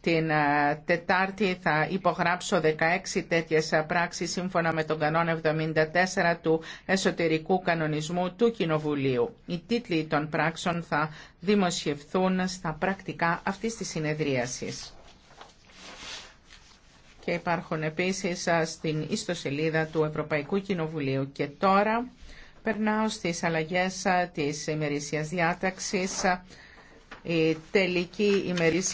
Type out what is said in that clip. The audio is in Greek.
Την ε, Τετάρτη θα υπογράψω 16 τέτοιες ε, πράξεις σύμφωνα με τον κανόνα 74 του εσωτερικού κανονισμού του Κοινοβουλίου. Οι τίτλοι των πράξεων θα δημοσιευθούν στα πρακτικά αυτής της συνεδρίασης. Και υπάρχουν επίσης ε, στην ιστοσελίδα του Ευρωπαϊκού Κοινοβουλίου. Και τώρα περνάω στις αλλαγές της ημερησίας διάταξης η τελική ημερήσια